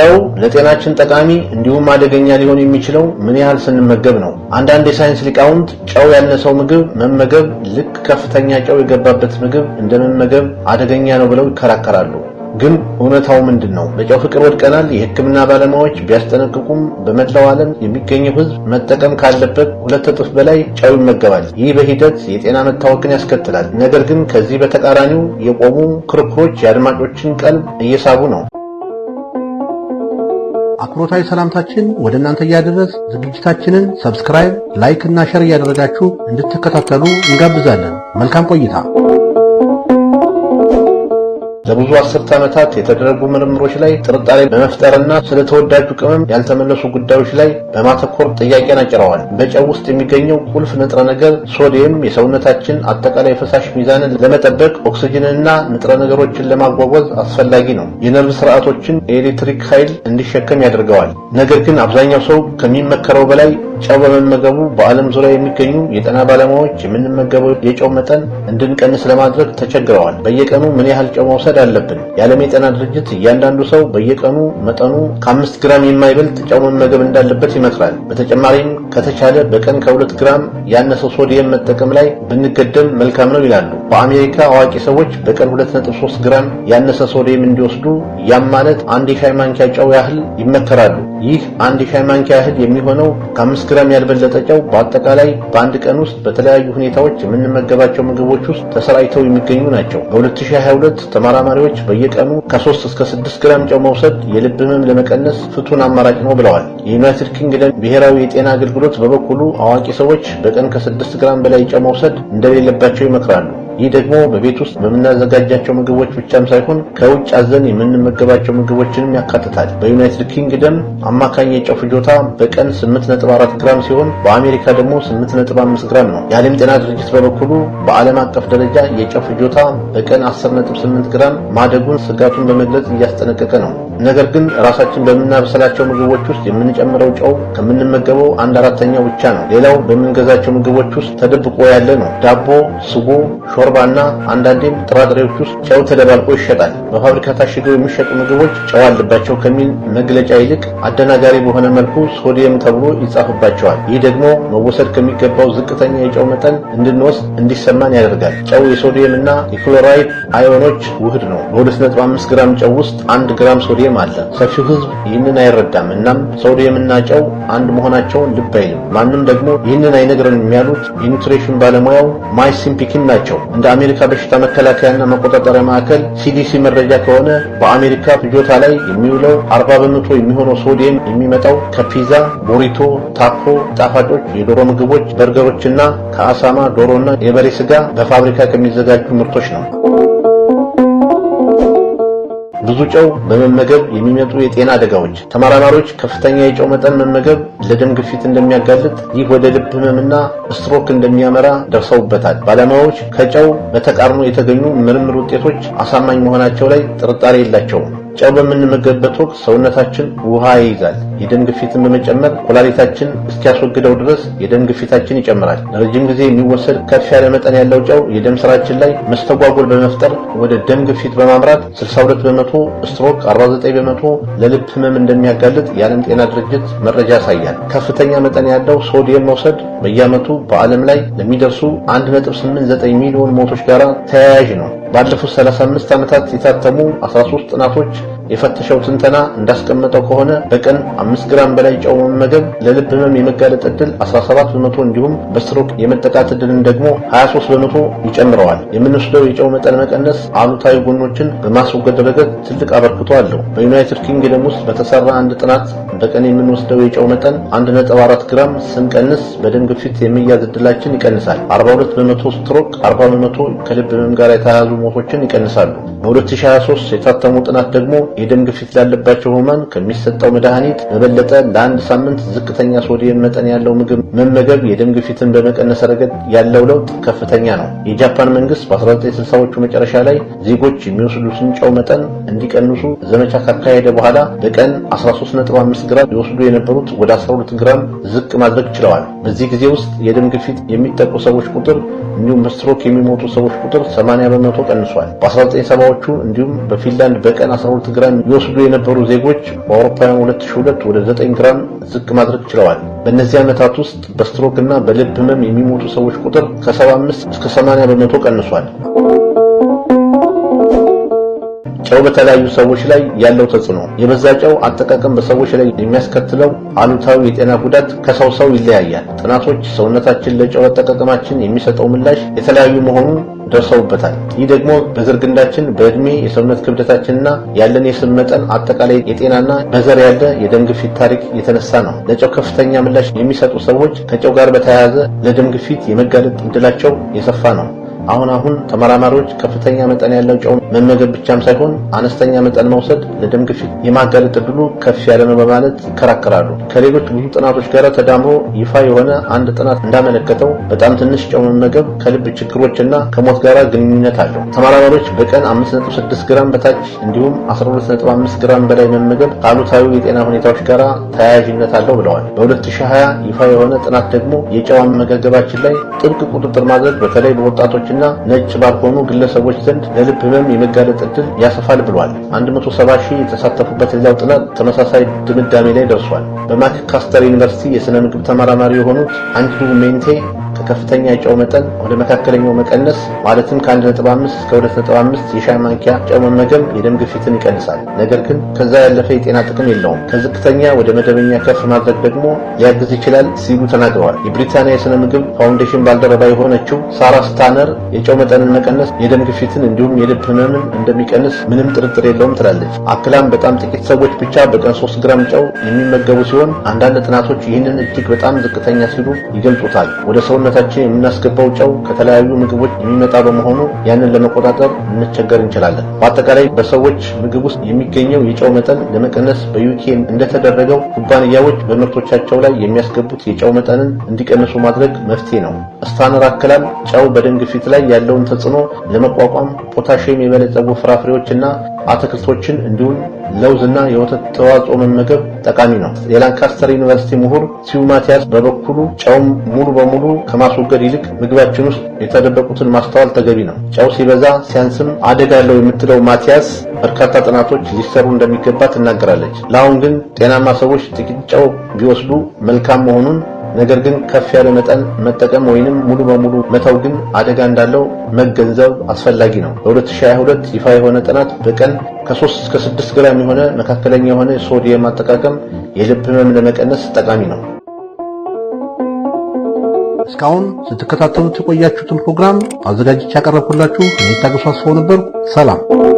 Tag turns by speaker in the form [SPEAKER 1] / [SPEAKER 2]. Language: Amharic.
[SPEAKER 1] ጨው ለጤናችን ጠቃሚ እንዲሁም አደገኛ ሊሆን የሚችለው ምን ያህል ስንመገብ ነው። አንዳንድ የሳይንስ ሊቃውንት ጨው ያነሰው ምግብ መመገብ ልክ ከፍተኛ ጨው የገባበት ምግብ እንደመመገብ አደገኛ ነው ብለው ይከራከራሉ። ግን እውነታው ምንድን ነው? በጨው ፍቅር ወድቀናል። የሕክምና ባለሙያዎች ቢያስጠነቅቁም በመላው ዓለም የሚገኘው ሕዝብ መጠቀም ካለበት ሁለት እጥፍ በላይ ጨው ይመገባል። ይህ በሂደት የጤና መታወክን ያስከትላል። ነገር ግን ከዚህ በተቃራኒው የቆሙ ክርክሮች የአድማጮችን ቀልብ እየሳቡ ነው። አክብሮታዊ ሰላምታችን ወደ እናንተ እያደረስ ዝግጅታችንን ሰብስክራይብ፣ ላይክ እና ሸር እያደረጋችሁ እንድትከታተሉ እንጋብዛለን። መልካም ቆይታ ለብዙ አስርት ዓመታት የተደረጉ ምርምሮች ላይ ጥርጣሬ በመፍጠርና ስለ ተወዳጁ ቅመም ያልተመለሱ ጉዳዮች ላይ በማተኮር ጥያቄን አጭረዋል። በጨው ውስጥ የሚገኘው ቁልፍ ንጥረ ነገር ሶዲየም የሰውነታችን አጠቃላይ ፈሳሽ ሚዛንን ለመጠበቅ ኦክስጅንና ንጥረ ነገሮችን ለማጓጓዝ አስፈላጊ ነው። የነርቭ ስርዓቶችን የኤሌክትሪክ ኃይል እንዲሸከም ያደርገዋል። ነገር ግን አብዛኛው ሰው ከሚመከረው በላይ ጨው በመመገቡ በዓለም ዙሪያ የሚገኙ የጤና ባለሙያዎች የምንመገበው የጨው መጠን እንድንቀንስ ለማድረግ ተቸግረዋል። በየቀኑ ምን ያህል ጨው መውሰድ አለብን? የዓለም የጤና ድርጅት እያንዳንዱ ሰው በየቀኑ መጠኑ ከአምስት ግራም የማይበልጥ ጨው መመገብ እንዳለበት ይመክራል። በተጨማሪም ከተቻለ በቀን ከሁለት ግራም ያነሰ ሶዲየም መጠቀም ላይ ብንገደም መልካም ነው ይላሉ። በአሜሪካ አዋቂ ሰዎች በቀን 2.3 ግራም ያነሰ ሶዲየም እንዲወስዱ ያም ማለት አንድ የሻይ ማንኪያ ጨው ያህል ይመከራሉ። ይህ አንድ የሻይ ማንኪያ ያህል የሚሆነው ከአምስት ከመስከረም ያልበለጠ ጨው በአጠቃላይ በአንድ ቀን ውስጥ በተለያዩ ሁኔታዎች የምንመገባቸው ምግቦች ውስጥ ተሰራጭተው የሚገኙ ናቸው። በ2022 ተመራማሪዎች በየቀኑ ከ3 እስከ 6 ግራም ጨው መውሰድ የልብ ህመም ለመቀነስ ፍቱን አማራጭ ነው ብለዋል። የዩናይትድ ኪንግደም ብሔራዊ የጤና አገልግሎት በበኩሉ አዋቂ ሰዎች በቀን ከ6 ግራም በላይ ጨው መውሰድ እንደሌለባቸው ይመክራሉ። ይህ ደግሞ በቤት ውስጥ በምናዘጋጃቸው ምግቦች ብቻም ሳይሆን ከውጭ አዘን የምንመገባቸው ምግቦችንም ያካትታል። በዩናይትድ ኪንግደም አማካኝ የጨው ፍጆታ በቀን 8.4 ግራም ሲሆን በአሜሪካ ደግሞ 8.5 ግራም ነው። የዓለም ጤና ድርጅት በበኩሉ በዓለም አቀፍ ደረጃ የጨው ፍጆታ በቀን 10.8 ግራም ማደጉን ስጋቱን በመግለጽ እያስጠነቀቀ ነው። ነገር ግን ራሳችን በምናበሰላቸው ምግቦች ውስጥ የምንጨምረው ጨው ከምንመገበው አንድ አራተኛው ብቻ ነው። ሌላው በምንገዛቸው ምግቦች ውስጥ ተደብቆ ያለ ነው። ዳቦ፣ ስጎ፣ ሾርባና አንዳንዴም ጥራጥሬዎች ውስጥ ጨው ተደባልቆ ይሸጣል። በፋብሪካ ታሽገው የሚሸጡ ምግቦች ጨው አለባቸው ከሚል መግለጫ ይልቅ አደናጋሪ በሆነ መልኩ ሶዲየም ተብሎ ይጻፍባቸዋል። ይህ ደግሞ መወሰድ ከሚገባው ዝቅተኛ የጨው መጠን እንድንወስድ እንዲሰማን ያደርጋል። ጨው የሶዲየም እና የክሎራይድ አዮኖች ውህድ ነው። በ2.5 ግራም ጨው ውስጥ 1 ግራም ሶዲየም አለ። ሰፊው ሕዝብ ይህንን አይረዳም። እናም ና ጨው አንድ መሆናቸውን ልብ አይልም። ማንም ደግሞ ይህንን አይነግረንም ያሉት የኒውትሪሽን ባለሙያው ማይሲምፒኪን ናቸው። እንደ አሜሪካ በሽታ መከላከያና መቆጣጠሪያ ማዕከል ሲዲሲ መረጃ ከሆነ በአሜሪካ ፍጆታ ላይ የሚውለው 40 በመቶ የሚሆነው ሶዲየም የሚመጣው ከፒዛ፣ ቦሪቶ፣ ታኮ፣ ጣፋጮች፣ የዶሮ ምግቦች፣ በርገሮችና ከአሳማ ዶሮና የበሬ ስጋ በፋብሪካ ከሚዘጋጁ ምርቶች ነው። ብዙ ጨው በመመገብ የሚመጡ የጤና አደጋዎች ተመራማሪዎች ከፍተኛ የጨው መጠን መመገብ ለደም ግፊት እንደሚያጋልጥ፣ ይህ ወደ ልብ ህመምና ስትሮክ እንደሚያመራ ደርሰውበታል። ባለሙያዎች ከጨው በተቃርኖ የተገኙ ምርምር ውጤቶች አሳማኝ መሆናቸው ላይ ጥርጣሬ የላቸውም። ጨው በምንመገብበት ወቅት ሰውነታችን ውሃ ይይዛል። የደም ግፊትን በመጨመር ኩላሊታችን እስኪያስወግደው ድረስ የደም ግፊታችን ይጨምራል። ለረጅም ጊዜ የሚወሰድ ከፍ ያለ መጠን ያለው ጨው የደም ስራችን ላይ መስተጓጎል በመፍጠር ወደ ደም ግፊት በማምራት 62 በመቶ ስትሮክ፣ 49 በመቶ ለልብ ህመም እንደሚያጋልጥ የዓለም ጤና ድርጅት መረጃ ያሳያል። ከፍተኛ መጠን ያለው ሶዲየም መውሰድ በየዓመቱ በዓለም ላይ ለሚደርሱ 1.89 ሚሊዮን ሞቶች ጋር ተያያዥ ነው። ባለፉት 35 ዓመታት የታተሙ 13 ጥናቶች የፈተሸው ትንተና እንዳስቀመጠው ከሆነ በቀን 5 ግራም በላይ ጨው መመገብ ለልብ ህመም የመጋለጥ እድል 17 በመቶ እንዲሁም በስትሮክ የመጠቃት እድልን ደግሞ 23 በመቶ ይጨምረዋል። የምንወስደው የጨው መጠን መቀነስ አሉታዊ ጎኖችን በማስወገድ ረገድ ትልቅ አበርክቶ አለው። በዩናይትድ ኪንግደም ውስጥ በተሰራ አንድ ጥናት በቀን የምንወስደው የጨው መጠን 1.4 ግራም ስንቀንስ በደም ግፊት የመያዝ እድላችን ይቀንሳል። 42 በመቶ ስትሮክ፣ 40 በመቶ ከልብ ህመም ጋር የተያያዙ ሞቶችን ይቀንሳሉ። በ2023 የታተሙ ጥናት ደግሞ የደም ግፊት ላለባቸው ህሙማን ከሚሰጠው መድኃኒት በበለጠ ለአንድ ሳምንት ዝቅተኛ ሶዲየም መጠን ያለው ምግብ መመገብ የደም ግፊትን በመቀነስ ረገድ ያለው ለውጥ ከፍተኛ ነው። የጃፓን መንግስት በ1960ዎቹ መጨረሻ ላይ ዜጎች የሚወስዱትን ጨው መጠን እንዲቀንሱ ዘመቻ ካካሄደ በኋላ በቀን 13.5 ግራም ሊወስዱ የነበሩት ወደ 12 ግራም ዝቅ ማድረግ ችለዋል። በዚህ ጊዜ ውስጥ የደም ግፊት የሚጠቁ ሰዎች ቁጥር እንዲሁም በስትሮክ የሚሞቱ ሰዎች ቁጥር 80 በመቶ ቀንሷል። በ1970ዎቹ እንዲሁም በፊንላንድ በቀን 12 ግራም ግራም ይወስዱ የነበሩ ዜጎች በአውሮፓውያን 2002 ወደ 9 ግራም ዝቅ ማድረግ ችለዋል። በእነዚህ ዓመታት ውስጥ በስትሮክ እና በልብ ህመም የሚሞቱ ሰዎች ቁጥር ከ75 እስከ 80 በመቶ ቀንሷል። ጨው በተለያዩ ሰዎች ላይ ያለው ተጽዕኖ የበዛ ጨው አጠቃቀም በሰዎች ላይ የሚያስከትለው አሉታዊ የጤና ጉዳት ከሰው ሰው ይለያያል። ጥናቶች ሰውነታችን ለጨው አጠቃቀማችን የሚሰጠው ምላሽ የተለያዩ መሆኑን ደርሰውበታል። ይህ ደግሞ በዝርግንዳችን፣ በዕድሜ፣ የሰውነት ክብደታችንና ያለን የስብ መጠን፣ አጠቃላይ የጤናና በዘር ያለ የደም ግፊት ታሪክ የተነሳ ነው። ለጨው ከፍተኛ ምላሽ የሚሰጡ ሰዎች ከጨው ጋር በተያያዘ ለደም ግፊት የመጋለጥ እድላቸው የሰፋ ነው። አሁን አሁን ተመራማሪዎች ከፍተኛ መጠን ያለው ጨው መመገብ ብቻም ሳይሆን አነስተኛ መጠን መውሰድ ለደም ግፊት የማጋለጥ እድሉ ከፍ ያለ ነው በማለት ይከራከራሉ። ከሌሎች ብዙ ጥናቶች ጋር ተዳምሮ ይፋ የሆነ አንድ ጥናት እንዳመለከተው በጣም ትንሽ ጨው መመገብ ከልብ ችግሮች እና ከሞት ጋር ግንኙነት አለው። ተመራማሪዎች በቀን 5.6 ግራም በታች እንዲሁም 12.5 ግራም በላይ መመገብ ከአሉታዊ የጤና ሁኔታዎች ጋር ተያያዥነት አለው ብለዋል። በ2020 ይፋ የሆነ ጥናት ደግሞ የጨው አመጋገባችን ላይ ጥብቅ ቁጥጥር ማድረግ በተለይ በወጣቶች እና ነጭ ባልሆኑ ግለሰቦች ዘንድ ለልብ ህመም የመጋለጥ እድል ያሰፋል ብሏል። 170 ሺህ የተሳተፉበት ሌላው ጥናት ተመሳሳይ ድምዳሜ ላይ ደርሷል። በማክካስተር ዩኒቨርሲቲ የሥነ ምግብ ተመራማሪ የሆኑት አንድሩ ሜንቴ ከከፍተኛ የጨው መጠን ወደ መካከለኛው መቀነስ ማለትም ከ1.5 እስከ 2.5 የሻይ ማንኪያ ጨው መመገብ የደም ግፊትን ይቀንሳል። ነገር ግን ከዛ ያለፈ የጤና ጥቅም የለውም። ከዝቅተኛ ወደ መደበኛ ከፍ ማድረግ ደግሞ ሊያግዝ ይችላል ሲሉ ተናግረዋል። የብሪታንያ የሥነ ምግብ ፋውንዴሽን ባልደረባ የሆነችው ሳራ ስታነር የጨው መጠንን መቀነስ የደም ግፊትን እንዲሁም የልብ ህመምን እንደሚቀንስ ምንም ጥርጥር የለውም ትላለች። አክላም በጣም ጥቂት ሰዎች ብቻ በቀን 3 ግራም ጨው የሚመገቡ ሲሆን አንዳንድ ጥናቶች ይህንን እጅግ በጣም ዝቅተኛ ሲሉ ይገልጹታል። ወደ ሰውነ ሰውነታችን የምናስገባው ጨው ከተለያዩ ምግቦች የሚመጣ በመሆኑ ያንን ለመቆጣጠር እንቸገር እንችላለን። በአጠቃላይ በሰዎች ምግብ ውስጥ የሚገኘው የጨው መጠን ለመቀነስ በዩኬ እንደተደረገው ኩባንያዎች በምርቶቻቸው ላይ የሚያስገቡት የጨው መጠንን እንዲቀንሱ ማድረግ መፍትሄ ነው። ስታነር አክላል ጨው በደም ግፊት ላይ ያለውን ተጽዕኖ ለመቋቋም ፖታሽየም የበለጸጉ ፍራፍሬዎችና አትክልቶችን እንዲሁም ለውዝና የወተት ተዋጽኦ መመገብ ጠቃሚ ነው። የላንካስተር ዩኒቨርሲቲ ምሁር ሲዩ ማቲያስ በበኩሉ ጨውም ሙሉ በሙሉ ከማስወገድ ይልቅ ምግባችን ውስጥ የተደበቁትን ማስተዋል ተገቢ ነው። ጨው ሲበዛ ሲያንስም አደጋ ያለው የምትለው ማቲያስ በርካታ ጥናቶች ሊሰሩ እንደሚገባ ትናገራለች። ለአሁን ግን ጤናማ ሰዎች ጥቂት ጨው ቢወስዱ መልካም መሆኑን ነገር ግን ከፍ ያለ መጠን መጠቀም ወይንም ሙሉ በሙሉ መተው ግን አደጋ እንዳለው መገንዘብ አስፈላጊ ነው። በ2022 ይፋ የሆነ ጥናት በቀን ከ3 እስከ 6 ግራም የሆነ መካከለኛ የሆነ ሶዲየም አጠቃቀም የልብ ህመም ለመቀነስ ጠቃሚ ነው። እስካሁን ስትከታተሉት የቆያችሁትን ፕሮግራም አዘጋጅቼ ያቀረብኩላችሁ እኔ ታገሱ አስፋው ነበርኩ። ሰላም።